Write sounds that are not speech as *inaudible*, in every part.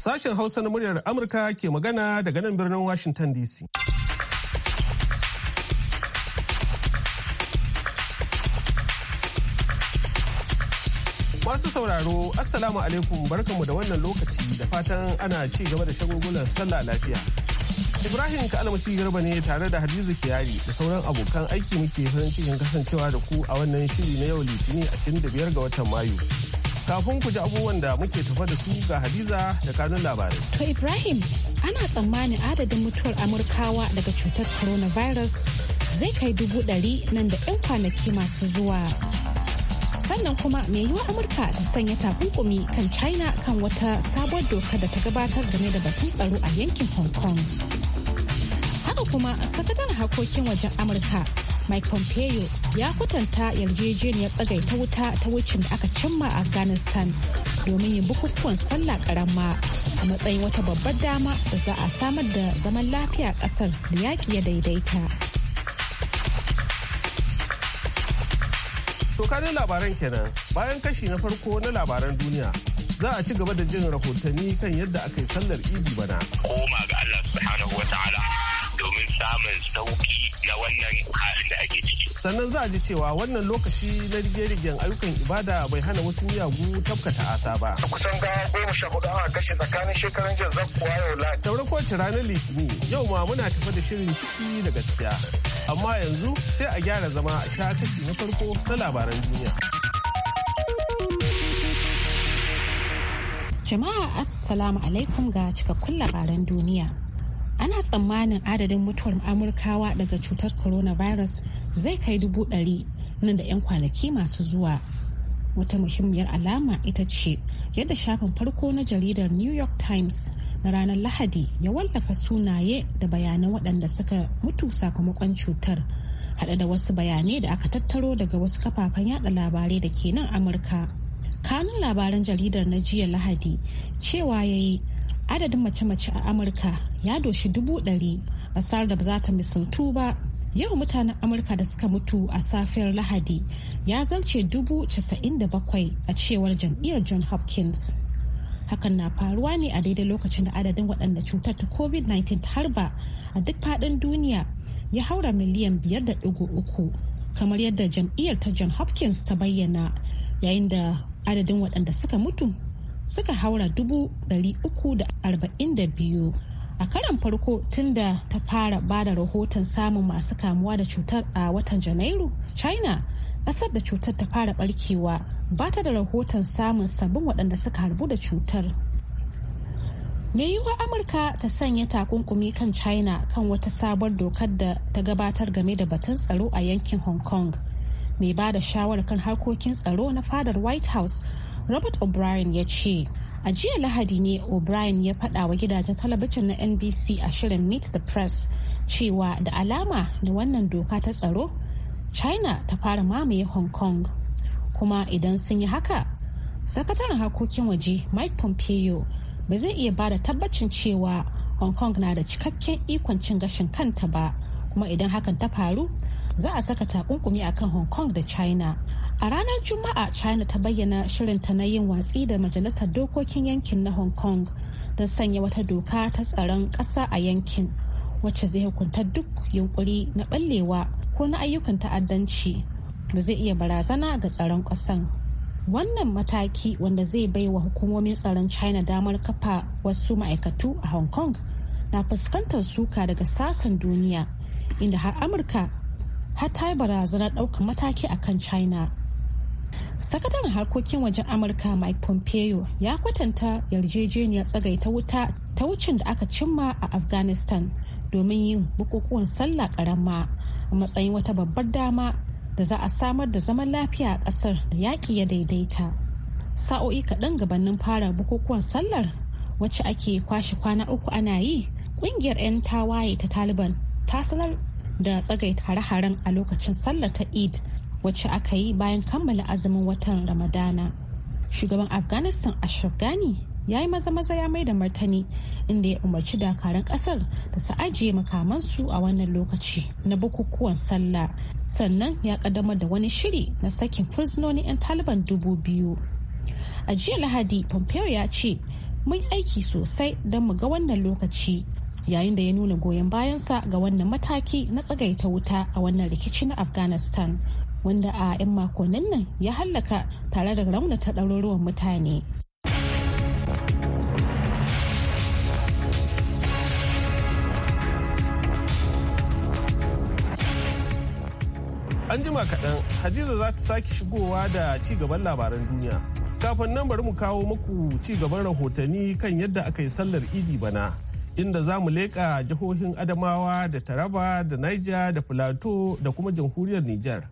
Sashen Hausa na muryar Amurka ke magana daga nan birnin Washington DC. Masu sauraro, Assalamu alaikum barkanmu da wannan lokaci da fatan ana ci gaba da shagungunan sallah lafiya. Ibrahim Kalmasi Garba ne tare da Hadiza Kiyari da sauran abokan aiki muke farin cikin kasancewa da ku a wannan shiri na yau Litinin 25 ga watan Mayu. Kafin ku ji abubuwan da muke tafa da su ga Hadiza da kanun labarai. To Ibrahim, ana tsammanin adadin mutuwar Amurkawa daga cutar coronavirus zai kai dubu ɗari nan da 'yan kwanaki masu zuwa. Sannan kuma mai yiwuwa Amurka ta sanya takunkumi kan China kan wata sabuwar doka da ta gabatar game da batun tsaro a yankin Hong Kong. Haka kuma sakataren harkokin wajen Amurka Mike Pompeo ya kwatanta yarjejeniyar tsagaita wuta ta wucin da aka cimma a Afghanistan domin yin bukukuwan sallah karama a matsayin wata babbar dama da za a samar da zaman lafiya a ƙasar da yaƙi ya daidaita. Tokanin labaran kenan bayan kashi na farko na labaran duniya za a ci gaba da jin rahotanni kan yadda aka yi sallar idi bana. Koma ga Allah subhanahu wa ta'ala. domin samun sauki na wannan halin da ake ciki. Sannan za a ji cewa wannan lokaci na rige-rigen ayyukan ibada bai hana wasu miyagu tafkata asa ba. Kusan gawa goma sha hudu aka kashe tsakanin shekaran jan kuwa yau la. Daura kowace ranar Litinin yau ma muna tafi da shirin ciki da gaskiya. Amma yanzu sai a gyara zama a sha kashi na farko na labaran duniya. Jama'a Assalamu alaikum ga cikakkun labaran duniya. ana tsammanin adadin mutuwar amurkawa daga cutar coronavirus zai kai dubu ɗari nan da 'yan kwanaki masu zuwa wata muhimmiyar alama ita ce yadda shafin farko na jaridar new york times na ranar lahadi ya wallafa sunaye da bayanan waɗanda suka mutu sakamakon cutar haɗe da wasu bayanai da aka tattaro daga wasu kafafen yada labarai da ke nan amurka kanun labaran jaridar na jiya lahadi cewa ya yi adadin mace-mace a amurka ya doshi dubu ɗari asar da ba za ta misaltu ba yau mutanen amurka da suka mutu a safiyar lahadi ya zarce dubu casa'in da bakwai a cewar jam'iyyar john hopkins hakan na faruwa ne a daidai lokacin da adadin waɗanda cutar ta covid-19 ta harba a duk faɗin duniya ya haura miliyan biyar da uku kamar yadda jam'iyyar ta john hopkins ta bayyana yayin da adadin waɗanda suka mutu suka haura dubu uku a karan farko tun da ta fara bada rahoton samun masu kamuwa da cutar a watan janairu china kasar da cutar ta fara barkewa ba ta da rahoton samun sabbin waɗanda suka harbu da cutar mai yiwuwa amurka ta sanya takunkumi kan china kan wata sabuwar dokar da ta gabatar game da batun tsaro a yankin hong kong mai ba da shawarar kan harkokin tsaro na fadar white house robert o'brien ya ce a jiya lahadi ne o'brien ya faɗa wa gidajen talabijin na nbc a shirin meet the press cewa da alama da wannan doka ta tsaro china ta fara mamaye hong kong kuma idan sun yi haka sakataren harkokin waje mike pompeo ba zai iya ba da tabbacin cewa hong kong na da cikakken ikon cin gashin kanta ba kuma idan hakan ta faru za a saka takunkumi akan hong kong da china A ranar Juma'a China ta bayyana shirinta na yin watsi da Majalisar Dokokin Yankin na Hong Kong don sanya wata doka ta tsaron ƙasa a yankin wacce zai hukunta duk yunkuri na ɓallewa ko na ayyukan ta'addanci da zai iya barazana ga tsaron ƙasan. Wannan mataki wanda zai bai wa hukumomin tsaron China damar kafa wasu ma'aikatu a Hong Kong na fuskantar suka daga sassan duniya inda har Amurka har ta yi barazanar ɗaukar mataki a kan China. sakataren harkokin wajen amurka mike pompeo ya kwatanta yarjejeniyar tsagaita wuta ta wucin da aka cimma a afghanistan domin yin bukukuwan sallah karama a matsayin wata babbar dama da za a samar da zaman lafiya a kasar da yaƙi ya daidaita sa'o'i kaɗan gabanin fara bukukuwan sallar wacce ake kwashe kwana uku ana yi ƙungiyar 'yan tawaye ta taliban ta sanar da tsagaita hare-haren a lokacin sallar ta eid wacce aka yi bayan kammala azumin watan ramadana shugaban afghanistan ashraf ghani ya yi maza-maza ya mai da martani inda ya umarci dakarun kasar da su ajiye makamansu a wannan lokaci na bukukuwan sallah sannan ya kaddamar da wani shiri na sakin fursunonin 'yan taliban dubu biyu a jiya lahadi pompeo ya ce mun aiki sosai don mu ga wannan lokaci yayin da ya nuna goyon bayansa ga wannan mataki na tsagaita wuta a wannan rikici na afghanistan wanda a 'yan makonnin nan ya hallaka tare da raunata ɗaruruwan mutane. An jima kaɗan Hadiza za ta sake shigowa da ci gaban labaran duniya. Kafin nan bari mu kawo muku ci gaban rahotanni kan yadda aka yi sallar idi bana. inda za mu leƙa jihohin adamawa da taraba da niger da filato da kuma jamhuriyar Nijar.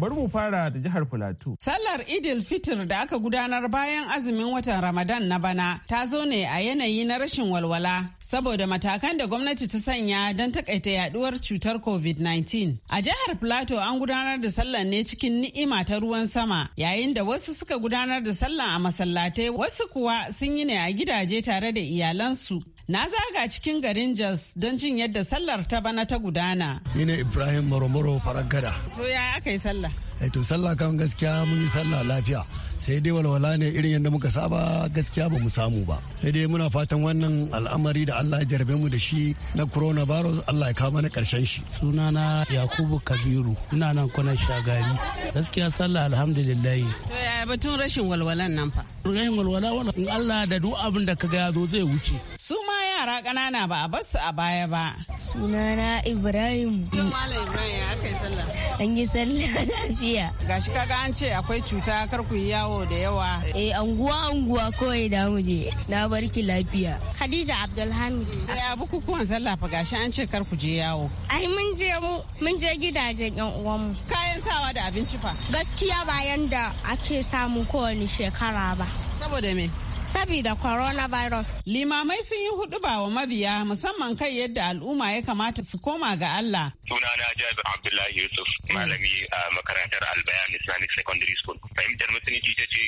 Bari mu fara da jihar Filato. Sallar Idil Fitr da aka gudanar bayan azumin watan Ramadan na bana ta zo ne a yanayi na rashin walwala saboda matakan da gwamnati ta sanya don takaita yaduwar cutar COVID-19. A jihar Filato an gudanar da sallar ne cikin ni'ima ta ruwan sama yayin da wasu suka gudanar da sallar a masallatai wasu kuwa sun yi ne a gidaje tare da iyalansu. Na zaga cikin garin Jos don jin yadda sallar ta bana ta gudana. Ni ne Ibrahim Moromoro Faragada. To ya aka yi sallah? Eh to sallah kan gaskiya mun yi sallah lafiya. Sai dai walwala ne irin yadda muka saba gaskiya ba mu samu ba. Sai dai muna fatan wannan al'amari da Allah ya jarbe mu da shi na coronavirus Allah ya kawo mana karshen shi. Sunana Yakubu Kabiru. Ina nan kuna shagari. Gaskiya sallah alhamdulillah. To ya batun rashin walwalan nan fa? Rashin walwala wannan in Allah da duk abin da kaga ya zo zai wuce. Su yara ƙanana ba a bar su a baya ba. Sunana Ibrahim. Yau Malam Ibrahim ya kai sallah. An yi sallah *laughs* lafiya. shi kaga an ce akwai cuta kar ku yi yawo da yawa. Eh anguwa anguwa kawai da mu je. Na barki lafiya. Khadija Abdulhamid. Ya bukukuwan sallah fa gashi an ce kar ku je yawo. Ai mun je mu mun je gidajen yan uwanmu. Kayan sawa da abinci fa. Gaskiya bayan da ake samu kowane shekara ba. Saboda me? saboda coronavirus. Limamai sun yi ba wa mabiya musamman kai yadda al'umma ya kamata su koma ga Allah. Sunana Jabir Abdullahi Yusuf, malami a makarantar Albayan Islamic Secondary School. Fahimtar musulunci ta ce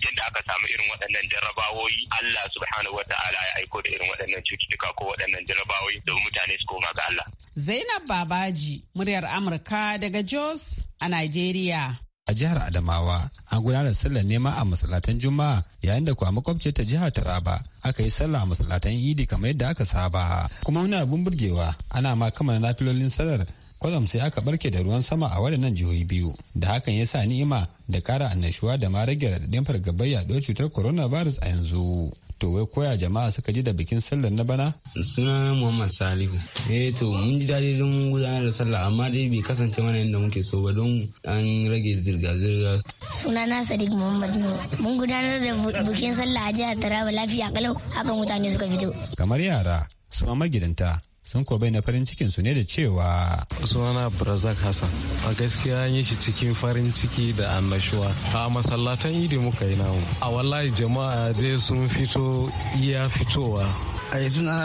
duk da aka samu irin waɗannan jarrabawoyi Allah subhanahu wa ta'ala ya aiko da irin waɗannan cututtuka ko waɗannan jarrabawoyi domin mutane su koma ga Allah. Zainab Babaji, muryar Amurka daga Jos a Najeriya. a jihar Adamawa an gudanar sallar nema a masallatan Juma'a yayin da kuwa makwabce ta jihar Taraba aka yi sallah a masallatan Idi kamar yadda aka saba kuma wani abun burgewa ana ma kamar nafilolin sallar kwalam sai aka barke da ruwan sama a waɗannan jihohi biyu da hakan ya sa ni'ima da ƙara annashuwa da ma rage raɗaɗin fargabar yaɗuwar cutar coronavirus a yanzu to wai koya jama'a suka ji da bikin sallar na bana suna muhammad salihu eh to mun ji daɗi don gudanar da sallah amma dai bai kasance mana yadda muke so ba don an rage zirga-zirga suna na sadiq muhammad nuhu mun gudanar da bikin sallah a jihar taraba lafiya kalau hakan mutane suka fito kamar yara su ma magidanta sun ko na farin cikin su ne da cewa sunana brazak hassan a gaskiya an yi shi cikin farin ciki da annashuwa a masallatan idi muka yi namu a wallahi jama'a dai sun fito iya fitowa a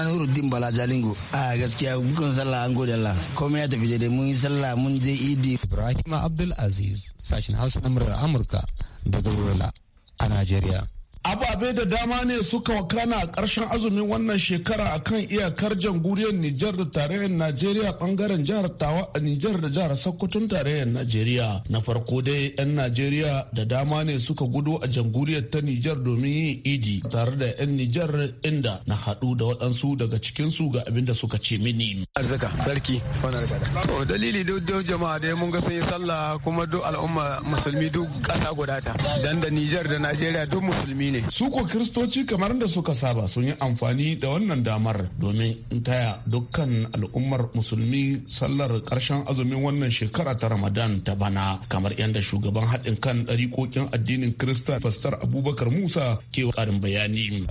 nuruddin bala jalingo a gaskiya bukan sallah an gode Allah komai ya tafi daidai mun yi sallah mun je idi ibrahim abdul aziz sashin hausa na murar amurka daga rola a najeriya ababe da dama ne suka wakana a ƙarshen azumin wannan shekara a kan iyakar jamhuriyar Nijar da tarayyar Najeriya ɓangaren jihar Tawa a Nijar da jihar Sokoton tarayyar Najeriya. Na farko dai 'yan Najeriya da dama ne suka gudo a jamhuriyar ta Nijar domin yin idi tare da 'yan Nijar inda na haɗu da waɗansu daga cikinsu ga abin da suka ce mini. Arzika sarki. To dalili duk jama'a dai mun ga sun yi sallah kuma duk al'umma musulmi duk ƙasa guda ta. Dan da Nijar da Najeriya duk musulmi ne su ko kristoci kamar da suka saba sun yi amfani da wannan damar domin in taya dukkan al'ummar musulmi sallar karshen azumin wannan shekara ta ramadan ta bana kamar yadda shugaban haɗin kan ɗarikokin addinin krista pastor abubakar musa ke ƙarin bayani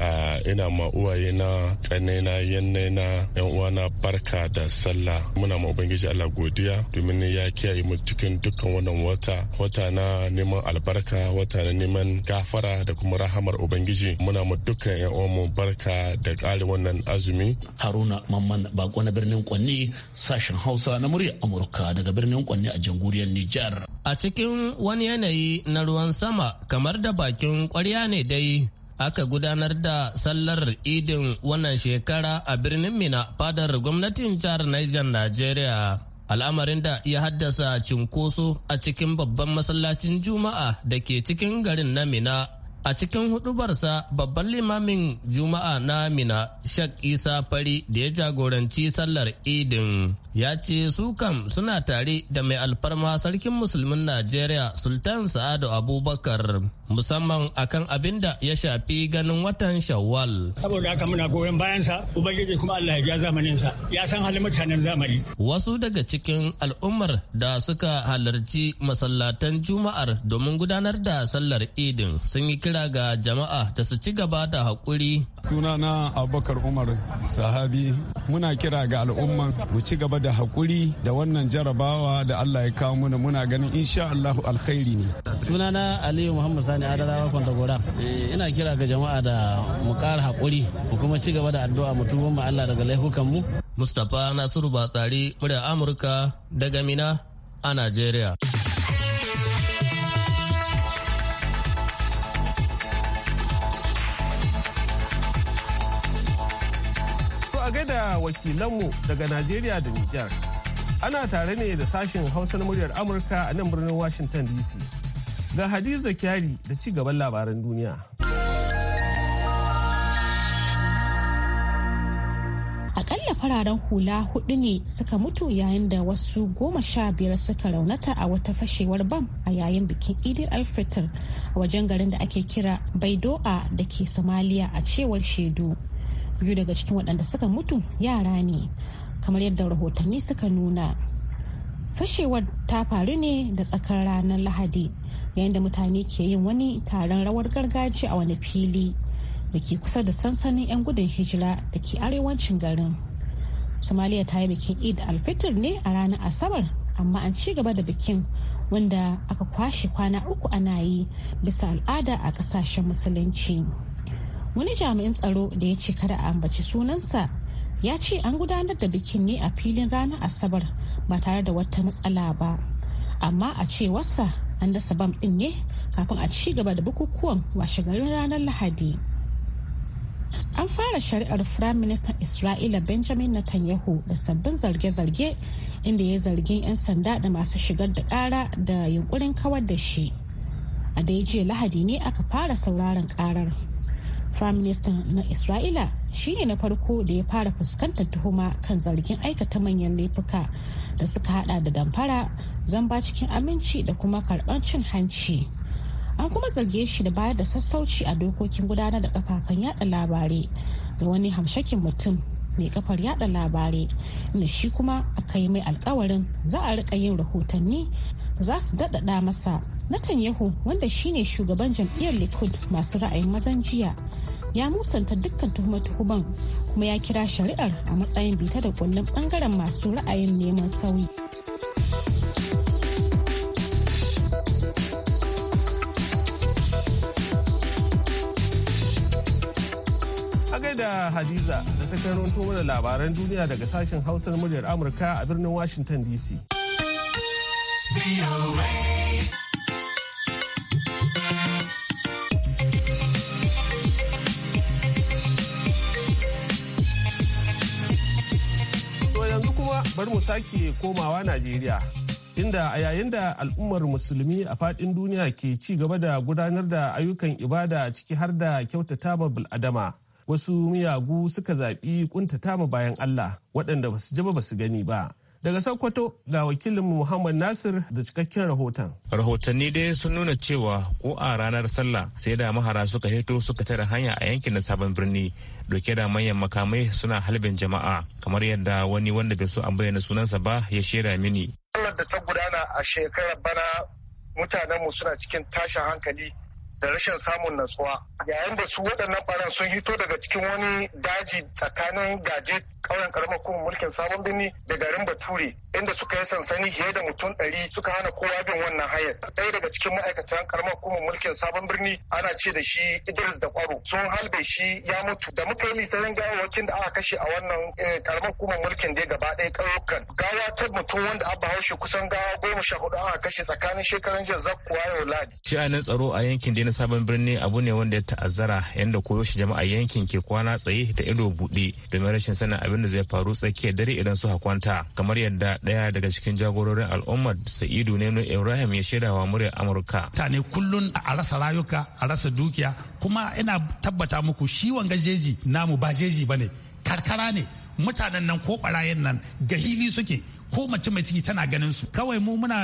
ina ma uwaye na ƙanena yanne na yan uwana barka da sallah muna ma ubangiji allah godiya domin ya kiyaye mu cikin dukkan wannan wata wata na neman albarka wata na neman gafara da kuma rahama. kalmar ubangiji muna mu dukkan yan uwanmu barka da ƙari wannan azumi haruna mamman bako na birnin kwanni sashen hausa na murya amurka daga birnin kwanni a jamhuriyar nijar a cikin wani yanayi na ruwan sama kamar da bakin kwarya ne dai aka gudanar da sallar idin wannan shekara a birnin mina fadar gwamnatin jihar niger nigeria al'amarin da ya haddasa cinkoso a cikin babban masallacin juma'a da ke cikin garin na mina A cikin hudubarsa babban limamin Juma'a na Mina Shak Isa Fari da ya jagoranci sallar Idin ya ce su kam suna tare da mai alfarma sarkin musulmin najeriya sultan sa'adu abubakar musamman akan abin da ya shafi ganin watan shawwal saboda haka muna goyon bayansa ubangiji kuma allah ya ja zamaninsa ya san halin mutanen zamani wasu daga cikin al'ummar da suka halarci masallatan juma'ar domin gudanar da sallar idin sun yi kira ga jama'a da su ci gaba da haƙuri sunana abubakar umar sahabi muna kira ga al'umman mu ci gaba da haƙuri da wannan jarabawa da allah ya kawo muna muna ganin insha allahu alkhairi ne sunana aliyu muhammad sani adarawa kwantagora eh, ina kira ga jama'a da mu ƙara haƙuri mu kuma ci gaba da addu'a mu tuba mu allah daga laifukan mu mustapha nasiru batsari murya amurka daga mina a najeriya wakilanmu daga Najeriya da Nijar. Ana tare ne da sashen Hausa na muryar Amurka a nan birnin Washington DC. Ga Hadiza Kyari da ci gaban labaran duniya. aƙalla fararen hula hudu ne suka mutu yayin da wasu goma sha biyar suka raunata a wata fashewar bam a yayin bikin idil alfitar a wajen garin da ake kira baidoa da ke somaliya a cewar shaidu. biyu daga cikin waɗanda suka mutu yara ne kamar yadda rahotanni suka nuna fashewar ta faru ne da tsakar ranar lahadi yayin da mutane ke yin wani taron rawar gargajiya a wani fili da ke kusa da sansanin 'yan gudun hijira da ke arewacin garin somaliya ta yi bikin eid alfitr ne a ranar asabar amma an ci gaba da bikin wanda aka kwashe kwana uku ana yi bisa al'ada a kasashen musulunci. wani jami'in tsaro da ya ce kada a ambaci sunansa ya ce an gudanar da bikin ne a filin ranar asabar ba tare da wata matsala ba amma a ce cewarsa an dasa bam din ne kafin a ci gaba da bukukuwan washegarin ranar lahadi an fara shari'ar firayim ministan isra'ila benjamin netanyahu da sabbin zarge-zarge inda ya zargin 'yan sanda da masu shigar da kara da yunkurin kawar da shi a jiya lahadi ne aka fara sauraron karar Firaministan na Isra'ila shine na farko da ya fara fuskantar tuhuma kan zargin aikata manyan laifuka da suka hada da damfara zamba cikin aminci da kuma karɓar cin hanci. An kuma zarge shi da bayar da sassauci a dokokin gudanar da kafafen yada labarai ga wani hamshakin mutum mai kafar yada labarai inda shi kuma aka yi mai alkawarin za a rika yin rahotanni za su daɗaɗa masa Netanyahu wanda shine shugaban jam'iyyar Likud masu ra'ayin mazan jiya ya musanta dukkan tuhume tuhuman kuma ya kira shari'ar a matsayin bita da kullum bangaren masu ra'ayin neman sauyi. da Hadiza da ta kai karanto da labaran duniya daga sashen hausar muryar Amurka a birnin Washington DC. mu sake komawa Najeriya, inda a yayin da al'ummar musulmi a faɗin duniya ke ci gaba da gudanar da ayyukan ibada ciki har da kyautata ma bil'adama. Wasu miyagu suka zaɓi ƙuntata ma bayan Allah waɗanda ba su ji ba su gani ba. Daga Sokoto ga wakilin Muhammad Nasir da cikakken rahoton. Rahotanni dai sun nuna cewa ko a ranar sallah sai da mahara suka hito suka tare hanya a yankin na sabon birni doke da manyan makamai suna halbin jama'a kamar yadda wani wanda bai so an bayyana sunansa ba ya shera mini. Sallar da ta gudana a shekarar bana mutanenmu suna cikin tashin hankali da rashin samun natsuwa yayin da su waɗannan ɓaran sun hito daga cikin wani daji tsakanin gaje ƙauyen karamar kuma mulkin sabon birni da garin bature inda suka yi sansani fiye da mutum ɗari suka hana kowa bin wannan hayar ɗaya daga cikin ma'aikatan karamar kuma mulkin sabon birni ana ce da shi idris da kwaro sun halbe shi ya mutu da muka yi misalin gawawakin da aka kashe a wannan eh, ƙaramar kuma mulkin dai gaba ɗaya ƙauyukan gawa ta mutum wanda abba haushe kusan gawa goma sha hudu aka kashe tsakanin shekaran jiya zakkuwa yau ladi. sha'anin tsaro a yankin dai sabon birni abu ne wanda ya ta'azzara yadda koyaushe jama'a yankin ke kwana tsaye da ido buɗe domin rashin sanin abin da zai faru tsakiyar dare idan su kwanta kamar yadda ɗaya daga cikin jagororin al'ummar sa'idu neno ibrahim ya wa muryar amurka tane kullum a rasa rayuka a rasa dukiya kuma ina tabbata muku shi wanga jeji namu ba jeji bane karkara ne mutanen nan ko barayen nan gahili suke ko mace mai ciki tana ganin su kawai mu muna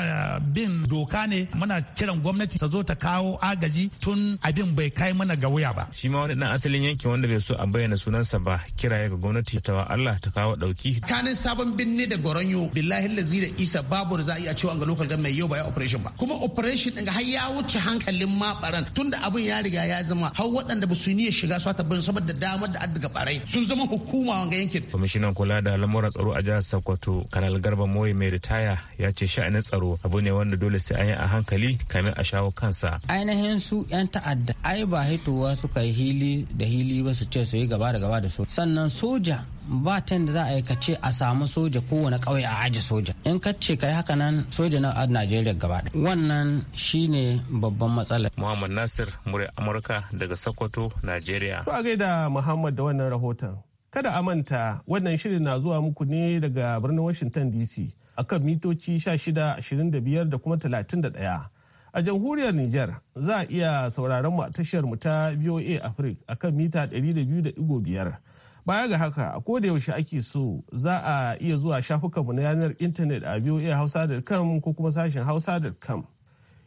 bin doka ne muna kiran gwamnati ta zo ta kawo agaji tun abin bai kai mana ga wuya ba shi ma wani dan asalin yankin wanda bai so a bayyana sunansa ba kiraye ga gwamnati ta wa Allah ta kawo dauki kanin sabon binne da goranyo billahi lazi da isa babu da za a iya cewa ga local government yau ba ya operation ba kuma operation din har ya wuce hankalin ma baran tunda abin ya riga ya zama har waɗanda ba su niyyar shiga su ta bin saboda damar da addaga barai sun zama hukuma wanga yankin kwamishinan kula da lamuran tsaro a jihar Sokoto Kanal Garba garba moyi mai ritaya ya ce sha'anin tsaro abu ne wanda dole sai an yi a hankali kamin a shawo kansa ainihin su yan ta'adda ai ba hitowa suka yi hili da hili ba su ce su yi gaba da gaba da su sannan soja ba ta yadda za a yi kace a samu soja kowane kauye a aji soja in ka ce kai haka nan soja na najeriya gaba wannan shi ne babban matsala muhammad nasir murya amurka daga sokoto najeriya to a gaida muhammad da wannan rahoton Kada a manta wannan shirin na zuwa muku ne daga birnin Washington DC akan mitoci 1625 da kuma 31. A jamhuriyar Nijar za a iya sauraron mu a tashar mu ta VOA Africa a kan mita 200.5. Baya ga haka a koda yaushe ake so za a iya zuwa shafukanmu na yanar intanet a voahausa.com ko kuma sashen hausa.com.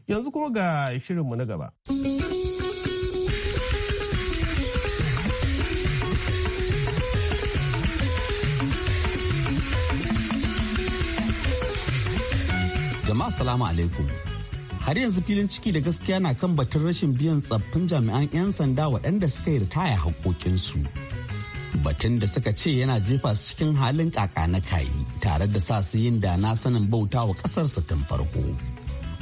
Yanzu kuma ga shirinmu na gaba. Jama'a salamu alaikum. Har yanzu filin ciki da gaskiya na kan batun rashin biyan tsaffin jami'an 'yan sanda waɗanda suka yi ritaya haƙoƙinsu. Batun da suka ce yana jefa su cikin halin kaka na kayi tare da sa su yin dana sanin bauta wa ƙasarsa tun farko.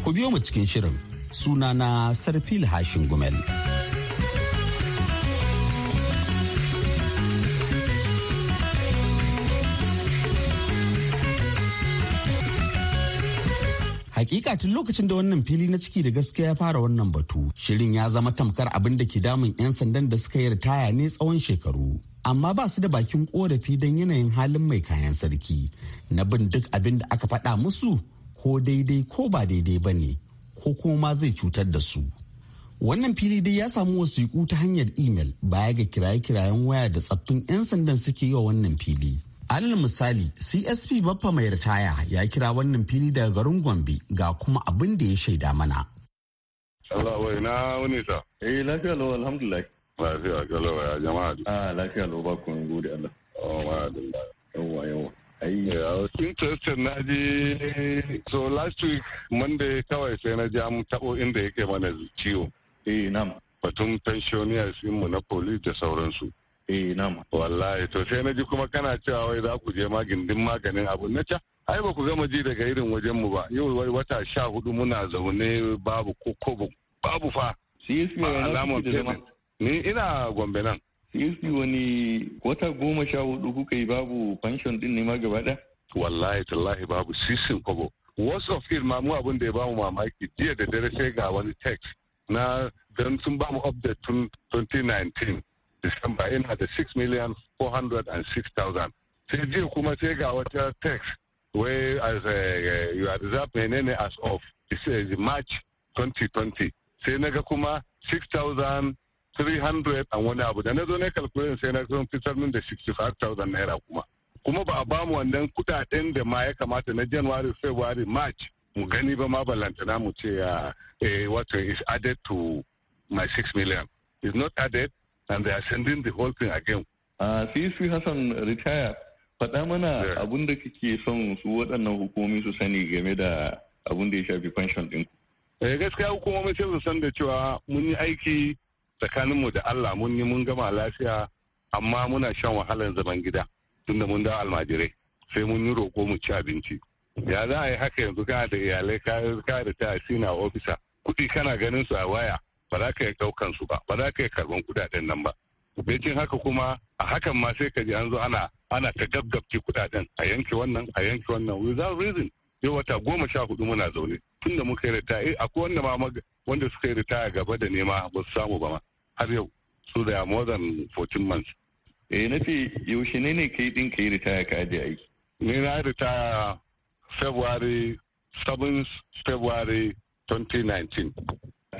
Ku biyo mu cikin shirin sunana Sarfil Hashin Gumel. Hakika tun lokacin da wannan fili na ciki da gaskiya ya fara wannan batu, shirin ya zama tamkar abin da ke damun 'yan sandan da suka yi ritaya ne tsawon shekaru. Amma ba su da bakin korafi don yanayin halin mai kayan sarki na bin duk abin da aka faɗa musu ko daidai ko ba daidai ba ne ko kuma zai cutar da su. Wannan fili dai ya samu wasiƙu ta hanyar imel baya ga kiraye-kirayen waya da tsaffin 'yan sandan suke yi wa wannan fili. alal misali csp baffa mai ritaya ya kira wannan fili daga garin gombe ga kuma abin da ya shaida mana Allah wai na wani sa. Eh lafiya lo alhamdulillah. Lafiya galo ya jama'a. Ah lafiya lo ba kun gode Allah. Oh ma Allah. Yawwa yawwa. interested eh, na ji so last week monday kawai sai na ji an taɓo inda yake mana ciwo eh nam batun pensioners mu na police da sauransu eh nama wallahi to sai na ji kuma kana cewa wai za ku je ma gindin maganin abu na ca ai ba ku gama ji daga irin wajen mu ba yau wai wata sha hudu muna zaune babu ko babu fa CSP alamun ni ina gombe nan CSP wani wata goma sha hudu kuka yi babu pension din ne ma gaba da wallahi tallahi babu sisin kobo wasu of it ma mu abin da ya bamu mamaki jiya da dare sai ga wani text na don sun bamu update tun 2019 Disamba yana da 6 million 406,000. Sai jiya kuma sai ga wata tax wey as a, uh, uh, you are reserved menene as of March 2020. Sai na ga kuma 6,300 and wani abu da na zo na calculation sai na zo fitar min da 65,000 naira kuma. Kuma ba a bamu wannan kudaden da ma ya kamata na January, February, March mu gani ba ma ballantana mu ce ya uh, eh, wato is added to my 6 million. Is not added and they are sending the whole thing again. Uh, Hassan retire faɗa mana yeah. abun da kike son su waɗannan hukumomi su sani game da abun da ya shafi pension ɗin. Eh, gaskiya hukumomi sai su san da cewa mun yi aiki tsakaninmu da Allah mun yi mun gama lafiya amma muna shan wahalar zaman gida tunda mun da almajirai sai mun yi roƙo mu ci abinci. Ya za a yi haka yanzu kana da iyalai ka da ta sina ofisa kuɗi kana ganin su a waya ba za ka yi ɗaukan su ba ba za ka yi karɓan kuɗaɗen nan ba baicin haka kuma a hakan ma sai ka ji an zo ana ana ta gaggabci kuɗaɗen a yanke wannan a yanke wannan without reason yau wata goma sha hudu muna zaune tun da muka yi ritaya eh, akwai wanda ma wanda suka yi ritaya gaba da nema ba su samu ba ma har yau su da more than 14 months eh na fi yaushe ne ne ka yi din kai ritaya ka aje aiki ni na yi ritaya february 7 february 2019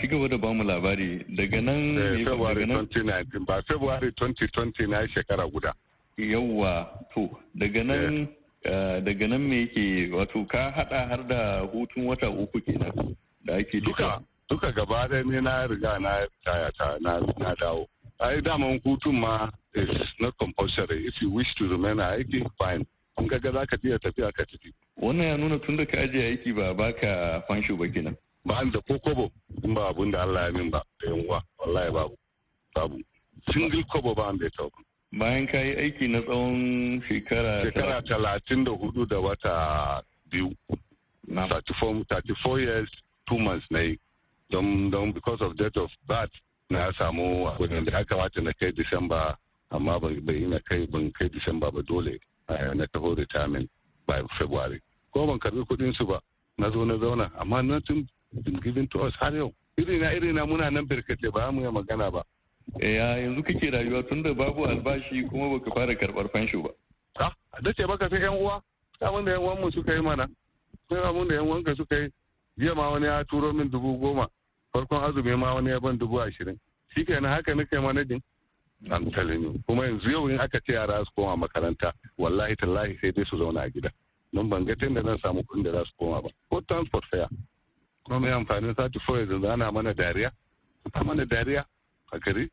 ci gaba da bamu labari daga nan eh, February 2019 ba February 2020 na shekara guda. Yawwa to daga eh. nan eh, daga nan me yake wato ka hada har da hutun wata uku kenan da ake duka duka gaba da ne na riga na tayata na na dawo. Ai daman hutun ma is not compulsory if you wish to remain a aiki fine. Kun ga za ka biya tafiya ka tafi. Wannan ya nuna tun da ka ajiye aiki ba baka fanshi ba kenan. ba da ko kobo in ba abun da Allah ya min ba da yan wallahi babu babu single kobo ba an da ta bayan ka yi aiki na tsawon shekara shekara talatin da hudu da wata biyu 34, 34 years two months na yi don don because of death of birth na samu abin da ya wata na kai disamba amma bai na kai ban kai disamba ba dole na taho retirement by february ko ban karbi kudin su ba na zo na zauna amma na tun been given to us har yau irina irina muna nan birkace ba mu yi magana ba ya yanzu kake rayuwa tunda babu albashi kuma baka fara karbar fansho ba ah da ce baka sai yan uwa abin da yan uwan mu suka yi mana sai abin da yan uwan ka suka yi jiya ma wani ya turo min dubu goma farkon azumi ma wani ya ban dubu ashirin shi kenan haka nake manajin I'm telling you kuma yanzu yau in aka ce yara su koma makaranta wallahi tallahi sai dai su zauna a gida nan ban ga tun da zan samu kuɗin da za su koma ba ko transport fare kuma mai amfani da sati foya da zana mana dariya ta mana dariya a gari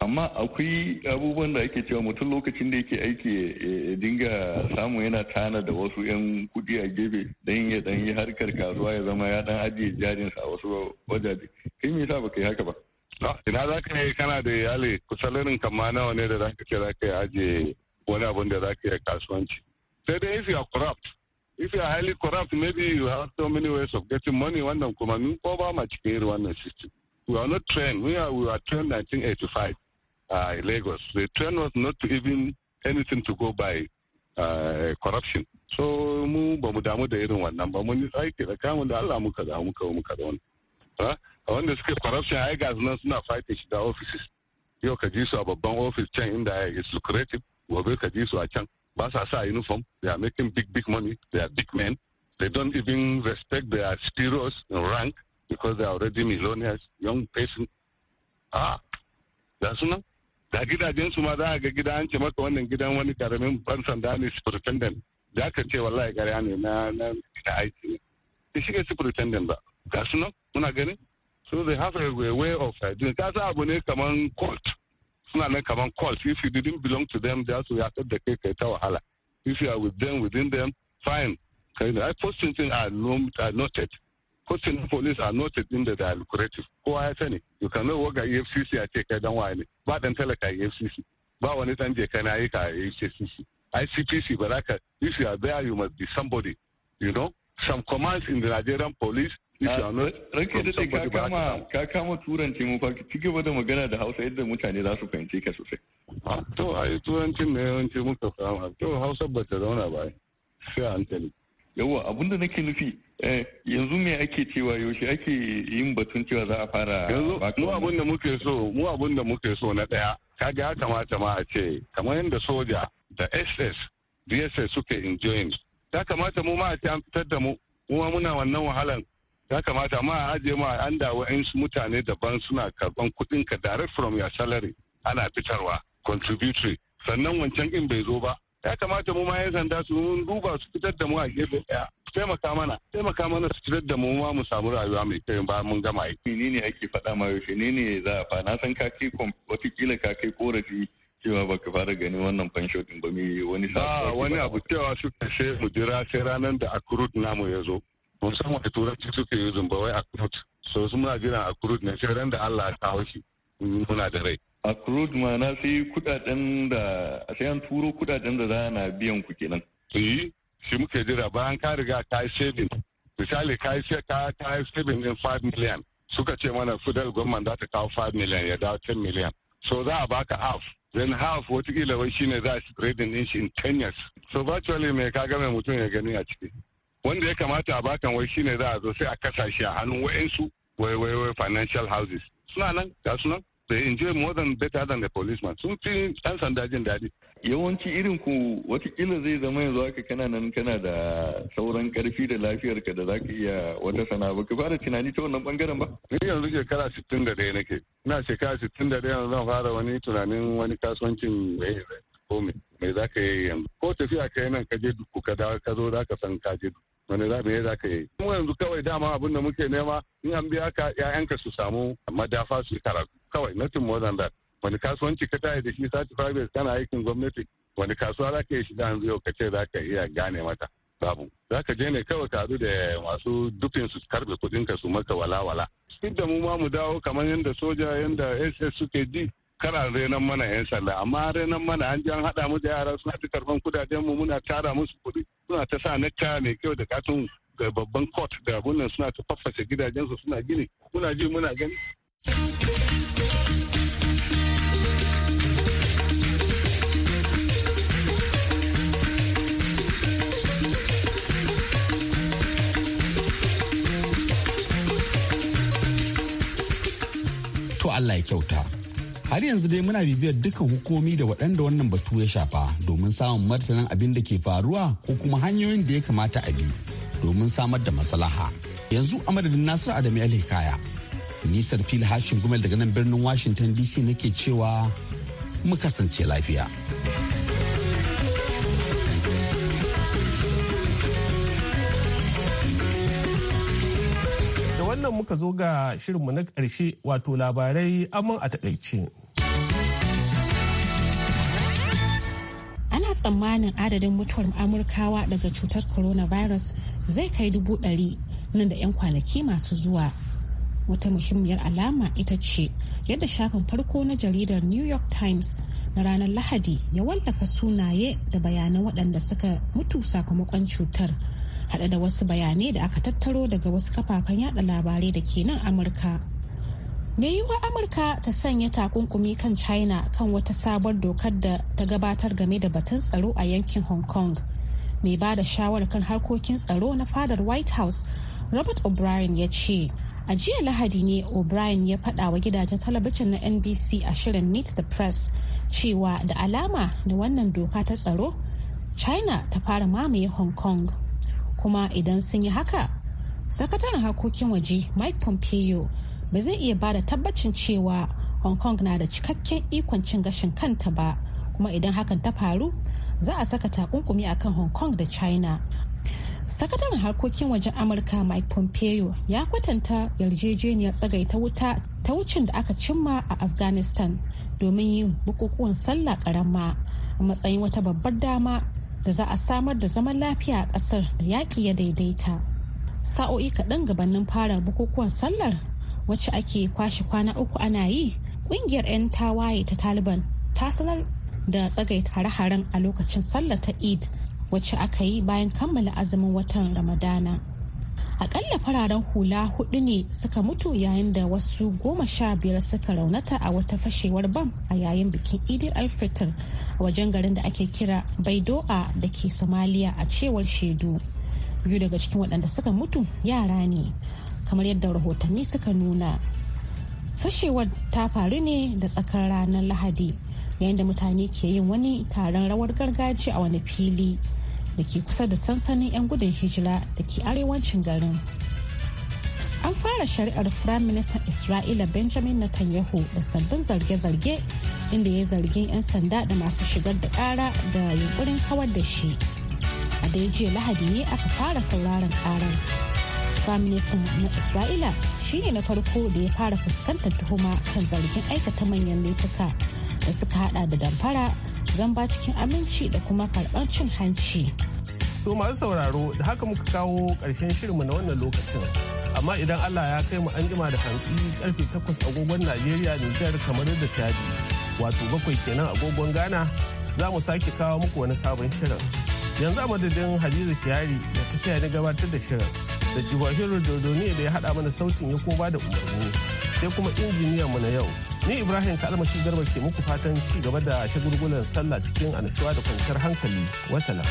amma akwai abubuwan da ake cewa mutum lokacin da yake aiki ya dinga samu yana tana da wasu 'yan kudi a gefe don ya dan yi harkar kasuwa ya zama ya dan ajiye jarinsa a wasu wajaje kai me yasa baka yi haka ba ah, ina za ka yi kana da iyali kusalirin kama nawa ne da za ka ce za ka yi ajiye wani abun da za ka yi kasuwanci sai dai if you are corrupt if you are highly corrupt maybe you have so many ways of getting money wannan kuma mun ko ba ma cikin irin wannan system we are not trained we are we were trained 1985 uh, in Lagos The trained was not to even anything to go by uh, corruption so mu ba mu damu da irin wannan ba mun aiki da kamun da Allah muka da muka muka da wannan wanda suke corruption ai ga nan suna fighting shi da offices yau ka ji su a babban office can inda is lucrative gobe ka ji su a can ba sa sa uniform they are making big big money they are big men they don't even respect their heroes and rank because they are already millionaires young person. ah da sunan da gidajen su ma za ga gida an ce maka wannan gidan wani karamin ban sanda ne superintendent da aka ce wallahi ƙarya ne na na aiki ne ki shiga superintendent ba ga sunan muna gani so they have a way of uh, doing kasa abu ne kaman court suna nan kaman calls if you didn't belong to them za su you da kai kai ta wahala if you are with them within them fine kai da posting thing are noted posting police are noted in the lucrative ko ya sani you can cannot work a efcc a ce kai dan waye ba dan talaka efcc ba wani dan je kana yi ka efcc icpc ba if you are there you must be somebody you know some commands in the nigerian police Ranke da ka ka kama turanci mu fa ci gaba da magana da Hausa yadda mutane za su fahimce ka sosai. Ah, to ai turancin ne yawanci muka kama. to Hausa ba ta zauna ba sai hankali. Yawwa abinda nake nufi eh, yanzu me ake cewa yaushe ake yin batun cewa za a fara yanzu mu abin da muke so mu abin da muke so na daya kaga ya kamata ma a ce kamar yadda soja da SS DSS suke enjoying ya kamata mu ma a ce an fitar da mu kuma muna wannan wahalan ya kamata a ajiye ma an da wa'insu mutane daban suna karban kuɗin ka direct from your salary ana fitarwa contributory sannan wancan in bai zo ba ya kamata mu ma yan sanda su mun duba su fitar da mu a gefe ɗaya taimaka mana taimaka mana su fitar da mu ma mu samu rayuwa mai kyau ba mun gama aiki ni ne ake faɗa ma yaushe ni ne za a fa na san ka kai kila ka kai korafi cewa baka fara gani wannan fansho din ba yi. wani sa wani abu cewa su kashe mu jira sai ranar da akurut namu ya zo mun san wani turanci suke yi zumba wai akrut so su muna jira akrut ne sai ran da Allah ya kawo shi muna da rai akrut ma na sai kudaden da sai an turo kudaden da za na biyan ku kenan yi eh, shi muke jira bayan ka riga ka yi saving misali ka yi ka yi saving din 5 million suka ce mana fidal government za ta kawo 5 million ya dawo 10 million so za a baka half then half watakila wai shine za a spreading din shi in 10 years so virtually me ka ga mai mutum ya gani a ciki wanda ya kamata a bakan wai shine za a zo sai a kasashe a hannun wa'insu wai wai wai financial houses suna nan ga sunan they enjoy more than better than the policeman sun fi ɗan sanda jin daɗi yawanci irin ku watakila zai zama yanzu haka kana nan kana da sauran karfi da lafiyar ka da zaka iya wata sana'a baka fara tunani ta wannan bangaren ba ni yanzu shekara 61 nake ina shekara sittin da 61 yanzu zan fara wani tunanin wani kasuwancin ko me me zaka yi yanzu ko tafiya kai nan ka je duku ka dawo ka zo zaka san ka je duku wani za mu yi za ka yi mu yanzu kawai dama abin da muke nema in an biya ka ƴaƴanka su samu madafa su karatu kawai nothing more than that wani kasuwanci ka tayi da shi sati private kana aikin gwamnati wani kasuwa za ka yi shi yanzu yau ka ce za ka iya gane mata babu za ka je ne kawai ka haɗu da masu dufin su karbe kuɗin ka su maka wala wala duk da mu ma mu dawo kamar yadda soja yadda ss suke ji kana renon mana 'yan sanda amma renon mana an jan haɗa mu da yara suna ta karban kudaden mu muna tara musu kuɗi suna ta sa nekta mai kyau da katon ga babban court da abunan suna ta faffashe su suna gini muna ji muna gani. To Allah ya kyauta. har yanzu dai muna bibiyar duka hukumi da waɗanda wannan batu ya shafa domin samun martanin abin da ke faruwa ko kuma hanyoyin da ya kamata a bi domin samar da maslaha yanzu a madadin nasiru adamu alhikaya nisar fil hashin gumel daga nan birnin washington dc nake cewa mu kasance lafiya da wannan muka zo ga shirinmu na ƙarshe wato labarai amon a taƙaice. tsammanin adadin mutuwar amurkawa daga cutar coronavirus zai kai dubu ɗari nan da 'yan kwanaki masu zuwa wata muhimmiyar alama ita ce yadda shafin farko na jaridar new york times na ranar lahadi ya wallafa sunaye da bayanan waɗanda suka mutu sakamakon cutar haɗe da wasu bayanai da aka tattaro daga wasu kafafen yada labarai da ke nan amurka da yiwuwa amurka ta sanya takunkumi kan china kan wata sabuwar dokar da ta gabatar game da batun tsaro a yankin hong kong mai ba da shawarar kan harkokin tsaro na fadar white house robert o'brien ya ce a jiya lahadi ne o'brien ya fada wa gidajen talabijin na nbc a shirin meet the press cewa da alama da wannan doka ta tsaro china ta fara mamaye hong kong kuma idan sun yi haka sakataren harkokin waje mike pompeo ba zai iya bada tabbacin cewa hong kong na da cikakken ikon cin gashin kanta ba kuma idan hakan ta faru za a saka takunkumi akan hong kong da china sakataren harkokin wajen amurka mike pompeo ya kwatanta yarjejeniyar tsagaita wuta ta wucin da aka cimma a afghanistan domin yin bukukuwan sallah karama a matsayin wata babbar dama da za a samar da zaman lafiya a kasar da yaƙi ya daidaita sa'o'i kaɗan gabanin fara bukukuwan sallar wacce ake kwashe kwana uku ana yi kungiyar 'yan tawaye ta taliban ta sanar da tsagai hare-haren a lokacin sallah ta eid wacce aka yi bayan kammala azumin watan ramadana akalla fararen hula hudu ne suka mutu yayin da wasu goma sha biyar suka raunata a wata fashewar bam a yayin bikin idil alfitar a wajen garin da ake kira baidoa da ke somaliya a cewar shaidu biyu daga cikin waɗanda suka mutu yara ne kamar yadda rahotanni suka nuna fashewar ta faru ne da tsakar ranar lahadi yayin da mutane ke yin wani taron rawar gargajiya a wani fili da ke kusa da sansanin 'yan gudun hijira da ke arewacin garin an fara shari'ar firayim ministan isra'ila benjamin netanyahu da sabbin zarge-zarge inda ya zargin 'yan sanda da masu shigar da kara da yunkurin kawar da shi a da jiya lahadi ne aka fara sauraron karar Firaministan na Isra'ila shine na farko da ya fara fuskantar tuhuma kan zargin aikata manyan laifuka da suka hada da damfara zamba cikin aminci da kuma karɓar cin hanci. To masu sauraro da haka muka kawo ƙarshen shirinmu na wannan lokacin. Amma idan Allah ya kai mu an jima da hantsi karfe takwas agogon Najeriya Nijar kamar da tadi wato bakwai kenan agogon Ghana za mu sake kawo muku wani sabon shirin. Yanzu a madadin Hadiza Kiyari da ta ni gabatar da shirin. da Ibrahim Dodoni da ya haɗa mana sautin ya koba da umarni sai kuma injiniyan mu na yau. Ni Ibrahim shi Garba ke muku fatan ci gaba da shagulgulan sallah cikin annashuwa da kwanciyar hankali. wasala.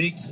Krieg